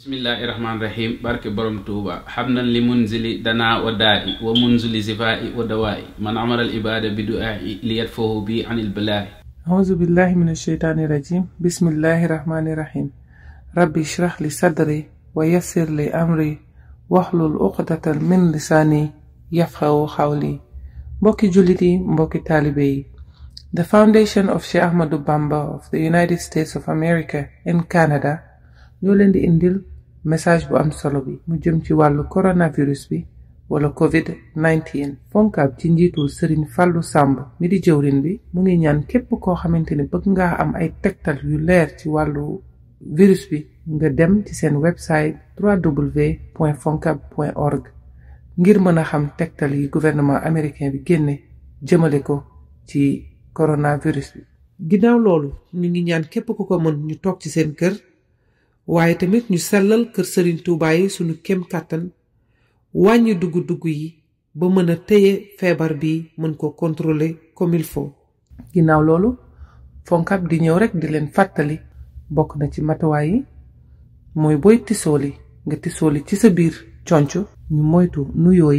بسم الله rahim الرحيم بارك برم توبا حبنا لمنزل دنا danaa ومنزل daa i من عمر sifaa'i بدعائي dawaa'i بي عن البلاء أعوذ بالله من الشيطان الرجيم بسم anil الرحمن الرحيم billahi min لي rajim ويسر لي rahim rabbi الأقدة من لساني wa خولي بوكي amri بوكي uqdatal the foundation of Sheikh Ahmadu Bamba of the United States of America in Canada ñoo leen di indil message bu am solo bi mu jëm ci wàllu coronavirus bi wala covid-19 Foncab ci njiitul Serigne fallu Samb mi di jëwrin bi mu ngi ñaan képp koo xamante ni bëgg ngaa am ay tegtal yu leer ci wàllu virus bi nga dem ci seen website www.foncab.org ngir mën a xam tegtal yi gouvernement américain bi génne jëmale ko ci coronavirus bi ginnaaw loolu ñu ngi ñaan képp ku ko mën ñu toog ci seen kër waaye tamit ñu sellal kër sëriñ Touba suñu sunu kem kàttan wàññi dugg-dugg yi ba mën a téye feebar bi mën ko contrôler comme il faut. ginnaaw loolu fonkab di ñëw rek di leen fàttali bokk na ci matuwaay yi mooy booy tisooli nga tisooli ci sa biir conc ñu moytu nuyoo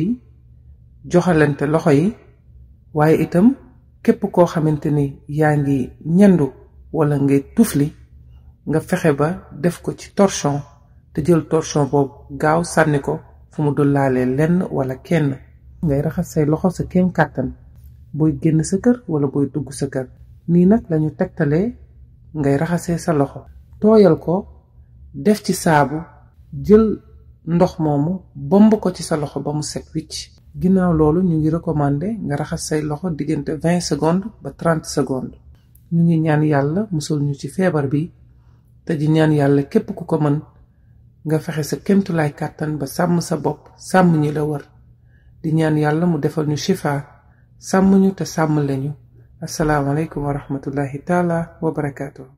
joxalante loxo yi waaye itam képp koo xamante ni yaa ngi ñandu wala ngay li nga fexe ba def ko ci torchon te jël torchon boobu gaaw sànni ko fu mu dul laalee lenn wala kenn ngay raxas say loxo sa kéem kàttan booy génn sa kër wala booy dugg sa kër nii nag lañu tegtalee ngay raxasee sa loxo tooyal ko def ci saabu jël ndox moomu bomb ko ci sa loxo ba mu set wicc ginnaaw loolu ñu ngi recommandé nga raxas say loxo diggante vingt secondes ba trente secondes ñu ngi ñaan yàlla musul ñu ci feebar bi te di ñaan yàlla képp ku ko mën nga fexe sa kémtulaay kàttan ba sàmm sa bopp sàmm ñi la wër di ñaan yàlla mu defal ñu shifa sàmm ñu te sàmm lañu asalaamaaleykum wa rahmatullahi taala